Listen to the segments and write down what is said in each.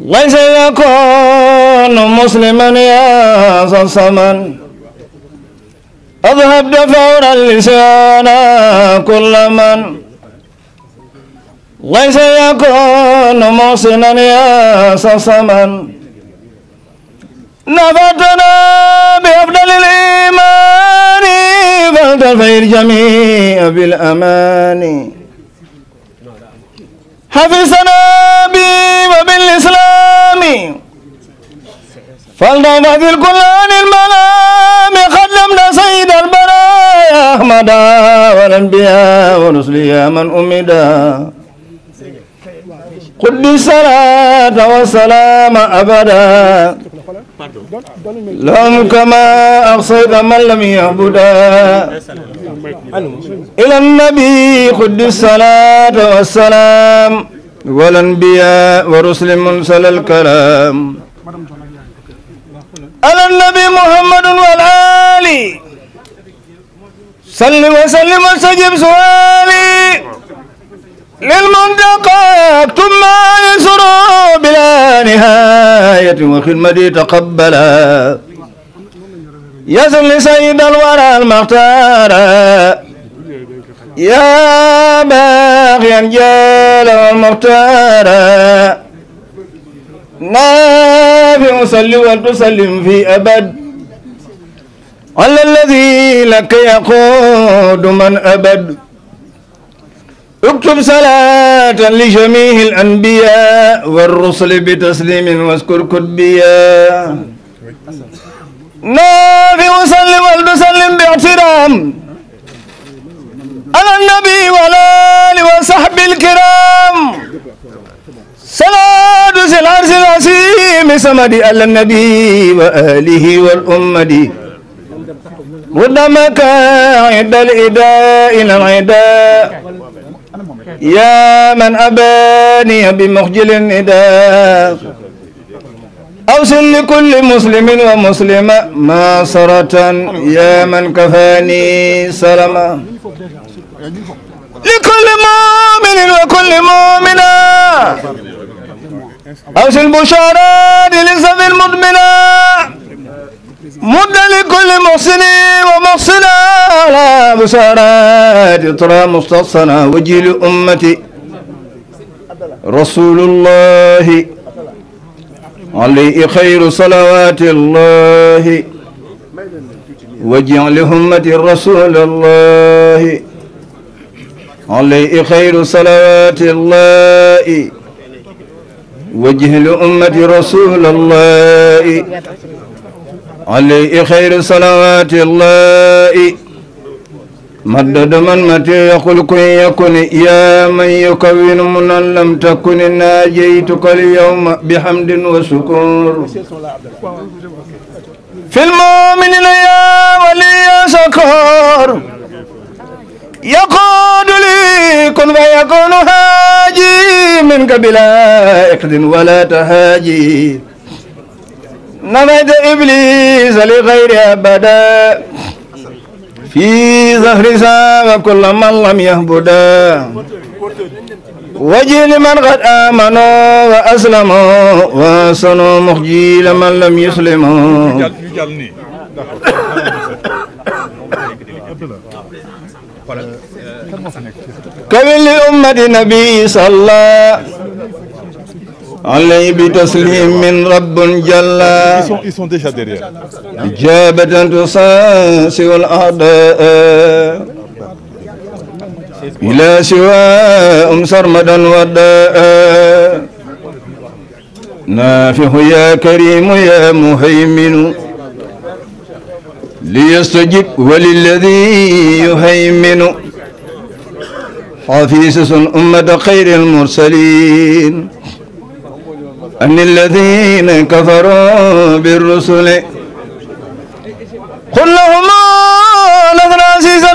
وإذ يكون مسلما يا ذا الثمن أذهب فورا اللسان كل من وإذ يكون محسنا يا ذا الثمن نفتنا بأفضل الإيمان فلتفير جميع بالأمان حفظنا بي وبالإسلام فلنبهد الكل عن المنام قدمنا سيد البرايا أحمدا والأنبياء ورسليا من أمدا قل الصلاة والسلام أبدا لهم كما أقصيت من لم يعبدا إلى النبي خد الصلاة والسلام والأنبياء ورسل منسل الكلام على النبي محمد والآل سلم وسلم واستجب سؤالي للمنتقى اكتب ما يسر بلا نهاية وخدمتي تقبلا يسر لسيد الورى المختار يا باغيا جال المختار نافع صل وتسلم في أبد على الذي لك يقود من أبد اكتب صلاة لجميع الأنبياء والرسل بتسليم واذكر كتبيا نافي وسلم وسلم باحترام على النبي والآل وصحب الكرام صلاة العرش العظيم سمدي على النبي وآله والأمة ودمك عند الإداء إلى العداء يا من أباني بمخجل النداء أوصل لكل مسلم ومسلمة ماسرة يا من كفاني سلما لكل مؤمن وكل مؤمنة أوصل بشارات لسف المؤمنة مد لكل محسن ومحسنة على بشارات ترى مستصنة وجيل أمتي رسول الله علي خير صلوات الله واجعل همة رسول الله علي خير صلوات الله واجهل أمة رسول الله علي خير صلوات الله مدد من متى يقول كن يكن يا من يكون منا لم تكن ناجيتك اليوم بحمد وشكر في المؤمن يا ولي شكر يقول لي كن فيكون هاجي منك بلا إقد ولا تهاجي نمد إبليس لغير أبدا في زهر ساب كل من لم يهبدا وجه لمن قد آمنوا وأسلموا وصنوا مخجي لمن لم يسلموا كمل لأمة النبي صلى الله علي بتسليم رب جل إجابة تساسي الأعداء إلى سواهم سرمدا وداء نافح يا كريم يا مهيمن ليستجب وللذي يهيمن حفيظ أمة خير المرسلين أن الذين كفروا بالرسل قل لهما نظر عزيزا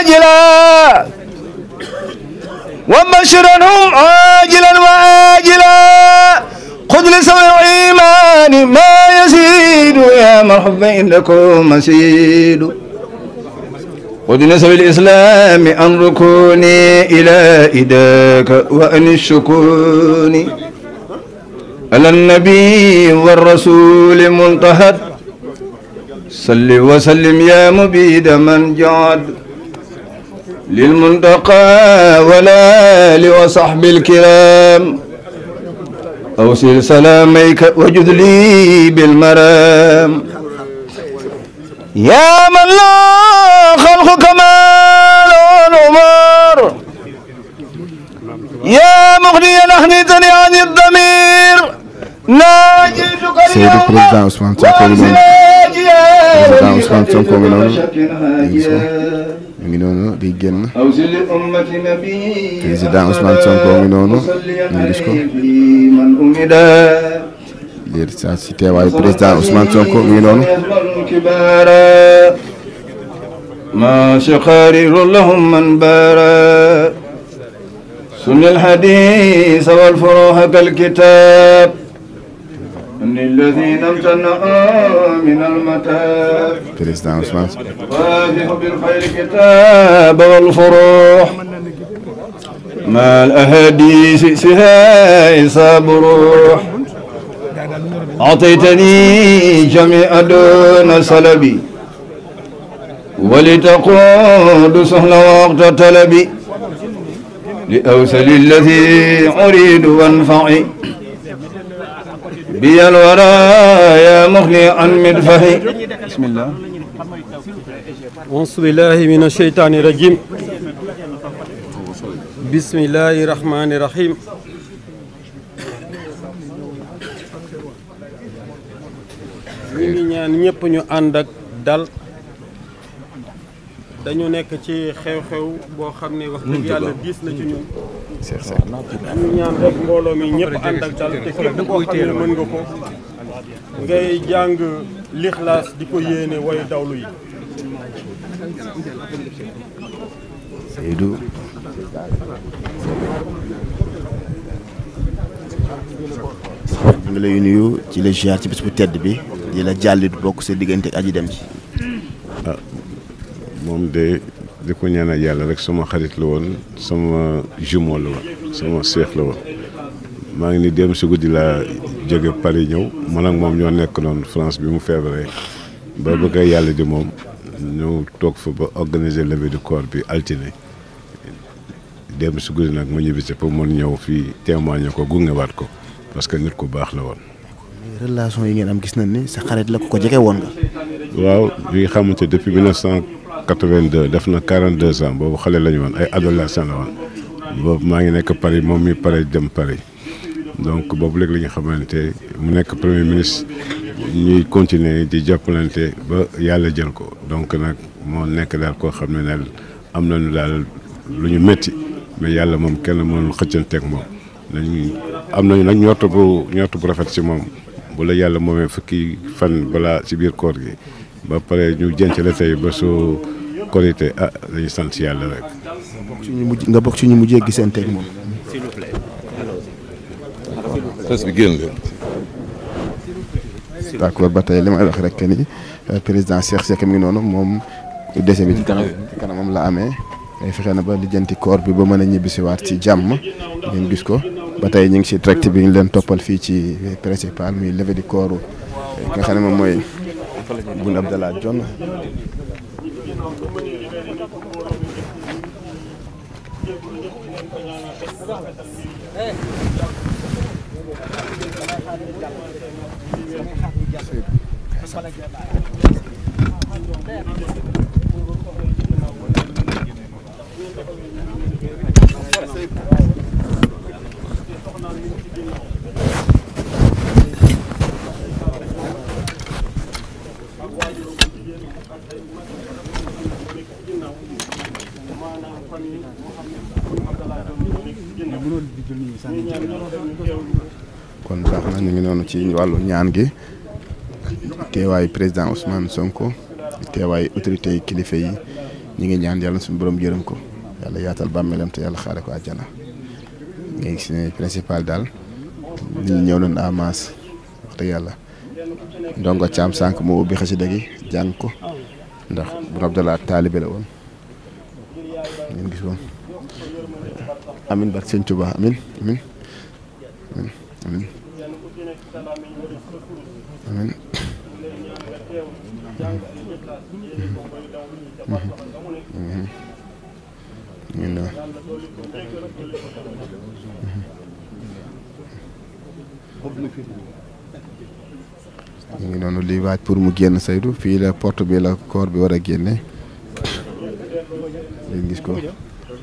آجلا وبشرهم آجلا وآجلا خذ لسوء الإيمان ما يزيد يا مرحب إنكم مسيد خذ لسوء الإسلام أن ركوني إلى إداك وأن الشكوني على النبي والرسول منتهد صل وسلم يا مبيد من جاد للمنتقى والآل وصحب الكرام أوصل سلاميك وجد لي بالمرام يا من لا خلق كمال الأمور يا مغني نحن عن الضمير Seydou président Ousmane Sonko mi noonu président Ousmane Sonko mi noonu mi ngi noonu di génn président Ousmane Sonko mi noonu ñu gis ko lii saa si teewaayu président man baara sunni alhadis wal furuha kal للذين امتنعوا من المتاع président Ousmane وافح بالخير كتاب والفروح ما الأهاديث سها إصاب روح أعطيتني جميع دون سلبي ولتقود سهل وقت طلبي لأوسل الذي أريد وانفعي بيا الورى يا مغني عن مدفعي بسم الله أعوذ بالله من الشيطان الرجيم بسم الله الرحمن الرحيم ñu ngi ñaan ñëpp ñu ànd ak dal dañu nekk ci xew-xew boo xam ne wax dëgg yàlla diis na ci ñun. ñu ñaan rek mbooloo mi ñëpp ànd ak dal te képp koo xam ne mën nga ko ngay jàng lixlaas di ko yéene way dawlu yi. Seydou. ñu ngi lay nuyu ci la ziar ci bés bu tedd bi di la jàllit bokk sa diggante aji dem ci ah, moom de di ko ñaanal yàlla rek sama xarit la woon sama jumeau la woon sama seex la woon maa ngi ni dem si guddi laa jóge Paris ñëw man ak moom ñoo nekk noonu France bi mu feebaree ba bëgg yàlla di moom ñu toog fa ba organiser levée du corps bi altine dem si guddi nag mu ñibbisi pour mën ñëw fii témoigner ko gungewaat ko parce que nit ku baax la woon. relation yi ngeen am gis na ni sa xarit la ku ko jege woon nga. waaw bi nga xamante depuis 1900 82 def na 42 ans boobu xale lañu ñu woon ay adolescent la woon boobu maa ngi nekk Paris moom mi Paris dem Paris donc boobu léegi la ñu xamante mu nekk premier ministre ñuy continuer di jàppalante ba yàlla jël ko donc nag moo nekk daal koo xam ne daal am nañu daal lu ñu métti mais yàlla moom kenn mënul xëccanteeg moom dañuy am nañu nag ñort bu ñort bu rafet ci moom bu la yàlla moomee fukki fan balaa ci biir koor gi. ba pare ñu ci la tey ba su korité ah dañu sant yàlla rek. nga bokk ci ñu mujjee gisanteeg moom. s'il vous plaît. presse bi d'accord ba tey li may wax rek ni euh, président Cheikh Seck mi ngi noonu moom décès bi ci kanam kanamam la amee fexe na ba lijjanti corps bi ba mën a ñibbisiwaat ci jàmm ngeen gis ko ba tey ñu ngi si direct bi ñu leen toppal fii ci principal muy levée du corps euh, nga xam ne moom mooy. Boun Abdallah Dionne Thank you. kon baax na ñu ngi ci wàllu ñaan gi teewaayu président Ousmane Sonko teewaayu autorité yi kilifa yi ñu ngi ñaan yàlla suñ borom jërëm ko yàlla yaatal bàmmeelam te yàlla xaare ko àjjana nga gis ne principal daal nit ñëw nañ amas wax dëgg yàlla ndongo caam sànq moo ubbi xasida gi jàng ko ndax bu Abdallah taalibe la woon ngeen gis woon amin barke sëñ Tuubaa amin amin amiin amiin ngi noonu liy pour mu génn saydu fii la porte bi la koor bi war a génne ngeen gis ko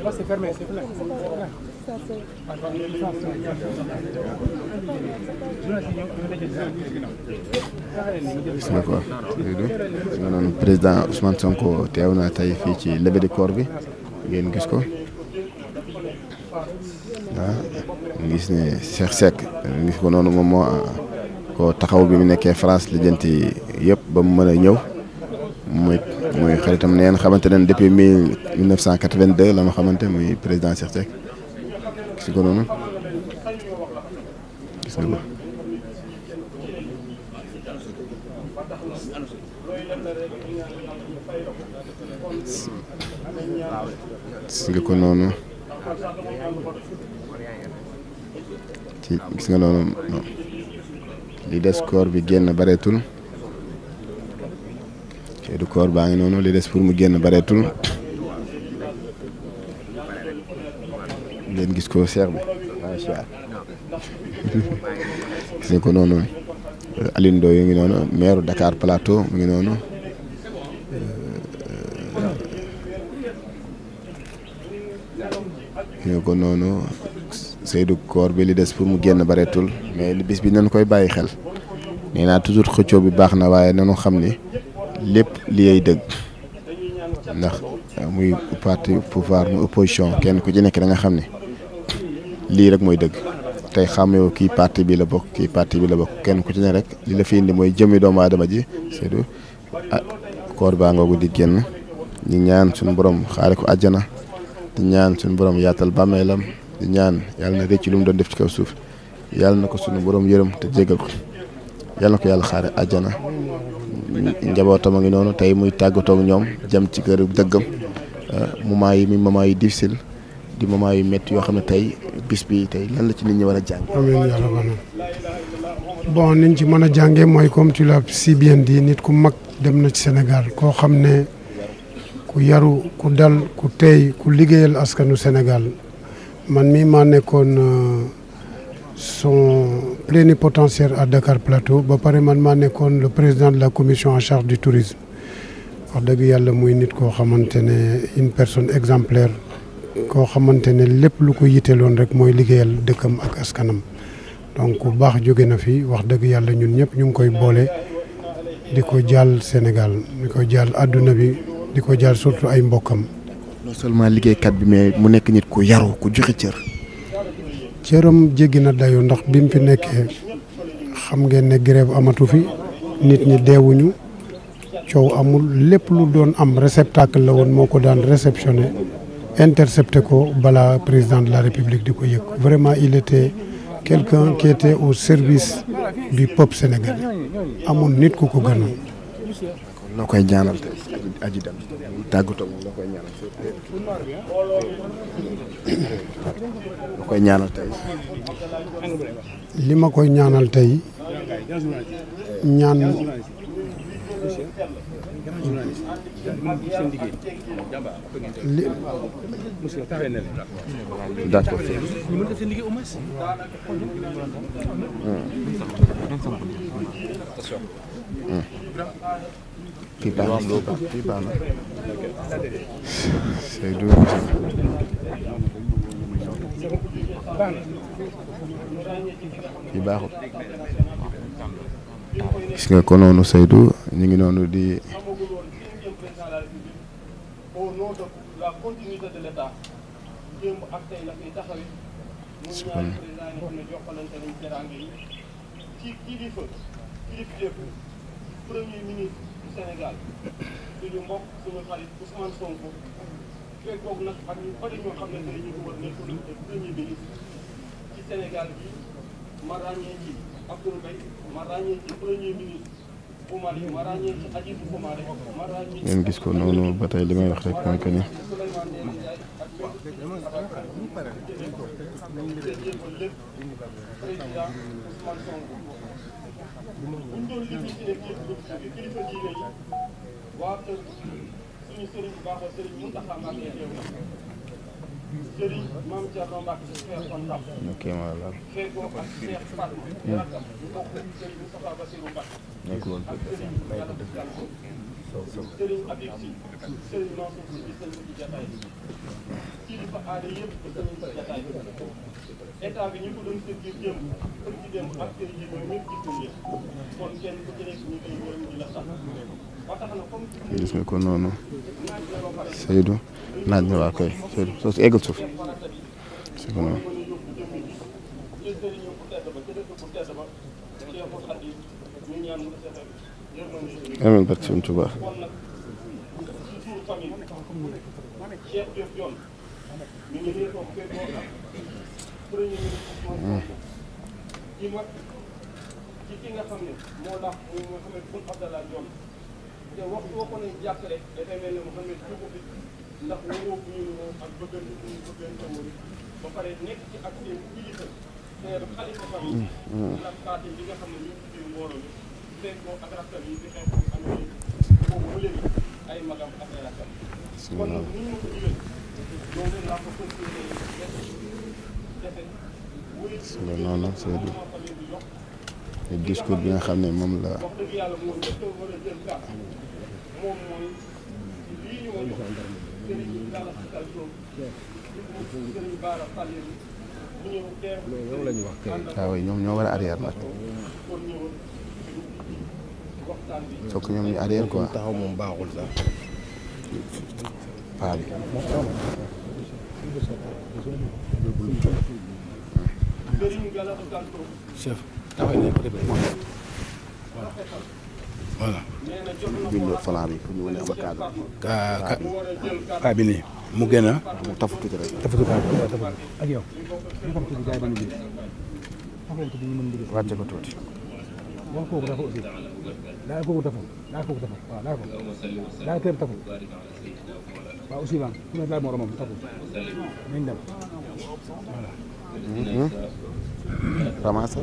Là, c'est fermé, c'est plein. gis na ko Seydou nga noonu président Ousmane Sonko teew na tey fii ci levée corps bi ngeen gis ko ah gis ne Cheikh Seck gis ko noonu moom moo ah, ko taxaw bi mu nekkee France yi yépp ba mu mën a ñëw. muy mooy xaritam neen xamante ne depuis mille neuf cent quatre-vingt-deux la ma xamante muy président Cheikh gis nga ko noonu gis nga ko gis noonu ci gis nga bi génn bareetul te du koor baa ngi noonu li des pour mu génn bareetul leen gis ko seex bi macha ko noonu alindo yu ngi noonu meeru dakaar Plateau mu ngi noonu euh, gis ko noonu Seydou koor bi li des pour mu génn bareetul mais bis bi nanu koy bàyyi xel nee naa toujours xëccoo bi baax na waaye nanu xam ni lépp li ay dëgg ndax euh, muy parti pouvoir muy opposition kenn ku ci nekk da nga xam ne lii rek mooy dëgg tey xàmmewu kii parti bi la bokk parti bi la bokk kenn ku ci ne rek li la fi indi mooy jëmmi doomu aadama ji cest à ah, koor baa ngoogu di génn di ñaan suñu boroom xaare ko àjjana di ñaan suñu borom yaatal bàmmeelam di ñaan yàlla na rëcc lu mu doon def ci kaw suuf yàlla na ko suñu boroom yërëm te jégal ko yàlla na ko yàlla xaare àjjana njabootam a ngi noonu tey muy tàggatoo ak ñoom jëm ci kër dëggam ah, moment yi muy moment yu difficile di moment yu métti yoo xam ne tey bis bi tey lan la ci nit ñi war a jàng. amiin niñ ci mën a jàngee mooy comme tu l'as si nit ku mag dem na ci senegal koo xam ne ku yaru ku dal ku teey ku liggéeyal askanu senegal man mii maa nekkoon. Euh, son plénipotentiaire à Dakar Plateau ba pare man maa nekkoon le président de la commission en charge du tourisme wax dëgg yàlla muy nit koo xamante ne une personne exemplaire koo xamante ne lépp lu ko yiteeloon rek mooy liggéeyal dëkkam ak askanam donc bu baax jóge na fi wax dëgg yàlla ñun ñëpp ñu ngi koy boole di ko jàll Sénégal di ko jàll àdduna bi di ko jàll surtout ay mbokkam. non seulement liggéeykat bi mais mu nekk nit ku yaru ku joxe cër. cëram jéggi na dayo ndax bi mu fi nekkee xam ngeen ne grève amatu fi nit ñi deewuñu coow amul lépp lu doon am réceptacle la woon moo ko daan réceptionné intercepté ko balaa président de la république di ko yëg vraiment il était quelqu'un qui était au service di peuple sénégalais amul nit ku ko gënoon. loo koy ñaanal tey tàggatoo loo koy lu koy ñaanal tey li ma koy ñaanal tey ñaan li d'accord. kii baax kii baax na Seydou. kii baaxul. gis nga ko noonu Seydou ñu ngi noonu di. continuité de l'État démb ak tey nag ñu taxawee muy ñaari président yi nga xam ne jokkalante nañ teraange yi ci kilifa kilifa yëpp premier ministre du Sénégal suñu mbokk suñu xarit Ousmane Sonko fekkoog nag ak ñu bëri xam ne tey war nekkul premier ministre ci Sénégal bi ma ràññee ci Abdoul Mbaye ma ràññee ci premier ministre ngeen gis ko noonu ba tey li may wax rek mooy que ni ok maanaam. nekkul woon ko noonu Seydou naaj na waa koy Seydou soo si eggal suuf amiin barke Sëriñ Tuubaa ndax wóoroo bu ñu ak bëgg bëgg ba pare nekk ci ak seen la noonu c'est discours bi nga xam ne moom la loolu ah wax kay. ñoom ñoo war a arrière nag. ko ñoom ñu arrière quoi. taxaw moom baaxul sax. paa ñu wane am cadre. paa bi nii. mu gën a tafu tuuti rek. tafu tuuti ak yow. wàcce ko tuuti. waaw kooku dafa aussi daal kooku dafa daal kooku dafa waaw daal ko daal kër tafu waaw aussi waaw ku ne daal moromam tafu nañ dem voilà. Mhm. ramasse.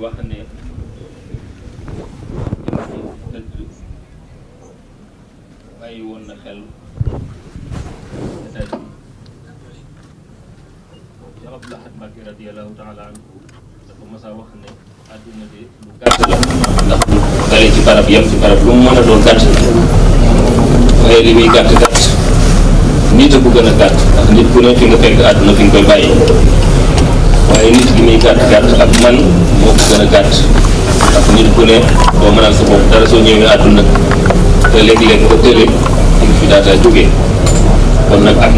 wax ne jëmsi dëgg bàyyi woon na xel état bi Cheikh de lu ci barab yem ci barab lu mu mën a doon li muy gàtt gàtt nit a gën a gàtt ndax nit ku ne fekk àdduna fi nga koy bàyyi waaye nit ki muy gàtt gàtt ak man moo ko gën a gàtt ndax nit doo mënal sa bopp dara soo ñëwee àdduna te léeg-léeg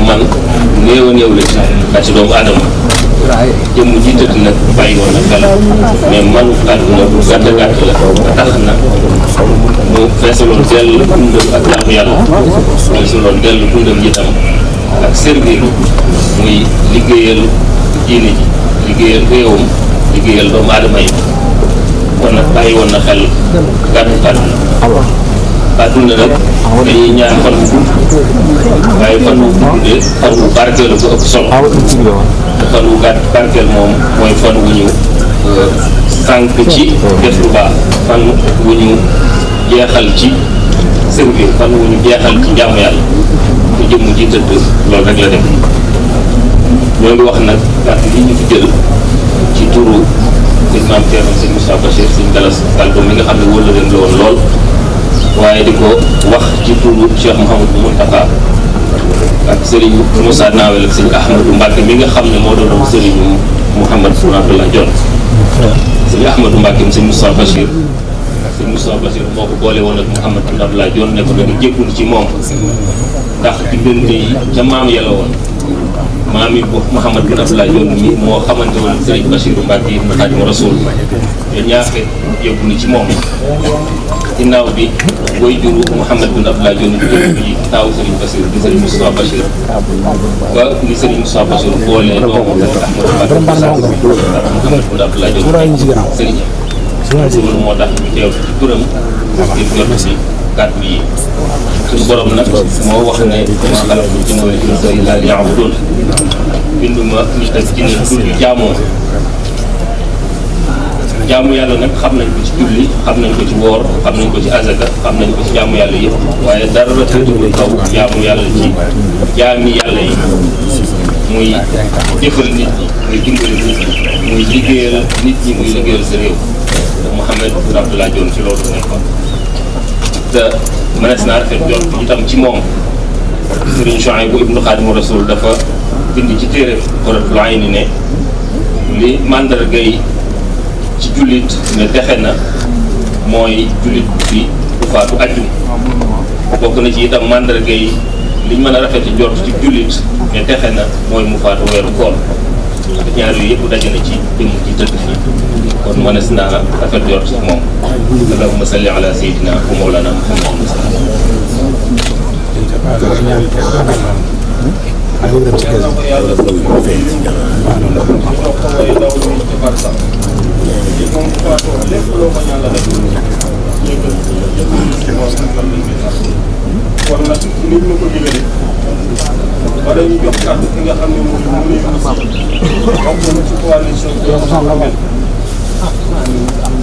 man néew doomu aadama jëmm ji tëdd nag bàyyi woon na xel mais manu àdduna bu gàtt feesaloon dell dundam ak laamu ak servir muy liggéeyal diine ji liggéeyal réewam liggéeyal doomu aadama yi kon nag bàyyi woon na xel gàddu àdduna àdduna nag dañuy ñaan fan bu gudd waaye fan bu guddee fan bu barkeel la ko fan bu gàtt moom fan wu ñu euh, ci def jeexal ci sëñ bi fan wu ñu jeexal ci njàmm yàlla ku jëm jiitëdd loolu rek la dem ñoo ngi wax nag parti ñu fi jël ci turu imam Thierno sëñ Moussa Bachir sëñ Galas Kaldo mi nga xam ne wóor la leen lool waaye di ko wax ci turu Cheikh Mouhamadou Mountakha ak sëriñ Moussa Nawel ak sëñ Ahmadou Mbacke mi nga xam ne moo doon sëriñ Mouhamad Bounatoula Dione sëñ Ahmadou Mbacke sëñ Moussa Bachir sëñ Moussa Bachir moo ko boole woon ak Mouhamad Bounatoula Dione ne ko dañu jékkul ci moom ndax diggante yi ca maam yàlla woon maam yi Mouhamad bin Abdoulaye Diop mi moo xamante woon Serigne Bachirou Mbacke ibn Khadimu Rasoul ñaaxee yóbbu na ci moom ginnaaw bi booy juru Mouhamad bin Abdoulaye Diop bi taaw Serigne Bachir di Serigne Moussa Bachir ba ni Serigne Moussa Bachir boolee doomu Ahmadou Mbacke Mouhamad bin Abdoulaye Diop Serigne loolu moo tax ñu teew ci turam ngir jot si kàddu yi suñu borom nag moo wax ne maa xalaqtul jinna wal insa illaa liya'buduun binduma nit ak jinne dul jaamoo jaamu yàlla nag xam nañ ko ci julli xam nañ ko ci woor xam nañ ko ci azaka xam nañ ko ci jaamu yàlla yëpp waaye dara tëddul kaw jaamu yàlla ci jaami yàlla yi muy jëfal nit ñi muy dimbali nit muy liggéeyal nit ñi muy liggéeyal sa réew Mouhamed Boun Abdallah ci loolu nekkoon te mënees naa rafet jot itam ci moom Sëriñ Chouaïbou Ibnu Xaadimu sol dafa bind ci téere Qurratul ni ne li màndargay ci jullit ne dexe na mooy jullit bi du faatu ajjum bokk na ci itam màndargay liñ mën a rafet jot ci jullit ne dexe na mooy mu faatu weeru koor ñaar yooyu yëpp daje na ci jëmm ci tëdd fii kon mënees naa rafet jot ci moom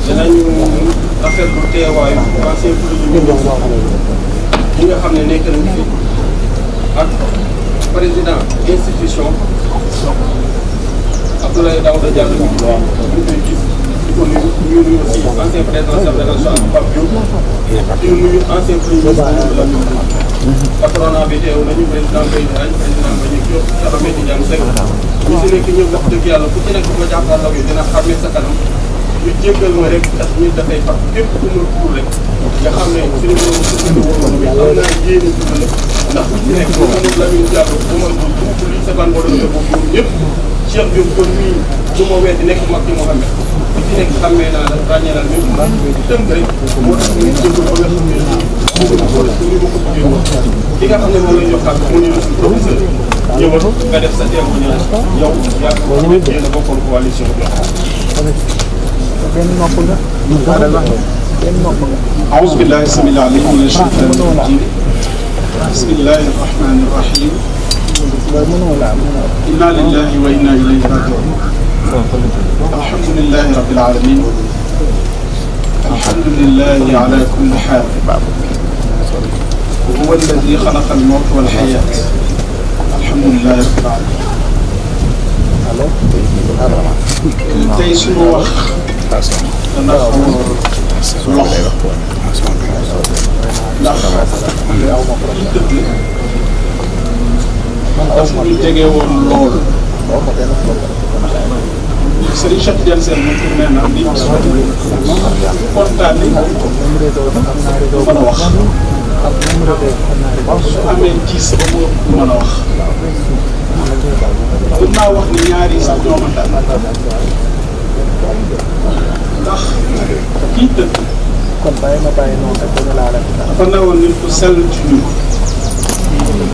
danañu rafetlu teewaayu ancien premier ñi nga xam ne nekk nañu fi ak président institution Abdoulaye Daouda Diallo ñu koy gis di ko nuyu ñu nuyu aussi ancien président chef de la nation Pape Diop di nuyu ancien premier ministre patronat bi teew nañu président Guèye Diagne président Mbagnick Diop Diallo Mbène Diagne Seck ñu si nekk ñëpp wax dëgg yàlla ku ci nekk ko jàppal ak yi dina xàmmee sa kanam. ñu jéggal ma rek ndax ñun dafay fàq képp ku ma rek nga xam ne suñu borom suñu borom bi am naa yéene dugale ndax ku ci nekk moom ma bu li sa ban borom boobu ñoom ñëpp Cheikh Diop kon nekk mag ci Mouhamed ku nekk xàmmee naa naa même ma tënk rek moo tax ñu jéggal nga xam ne bëgg ko ni ma ko bëggee ne moom ne professeur ko yéen a bokkoon coalition أعوذ بالله السميع العليم من الشيطان الرجيم بسم الله الرحمن الرحيم إنا لله وإنا إليه راجعون الحمد لله رب العالمين الحمد لله على كل حال وهو الذي خلق الموت والحياة الحمد لله رب العالمين tey sunu wax association. waaw su ma lay wax ndax aw ma problème dëgg man daf ñu jege woon loolu. Serigne Cheikh Diène Sène moom fi mu ne naan di kontaan ni mën a wax. su amee gis ba mu mën a wax. mën naa wax ni ñaari sax ñoo mën ndax kii dëkk. kon bàyyi ma bàyyi noonu rek dama laa rek. dafa newoon nit ku sell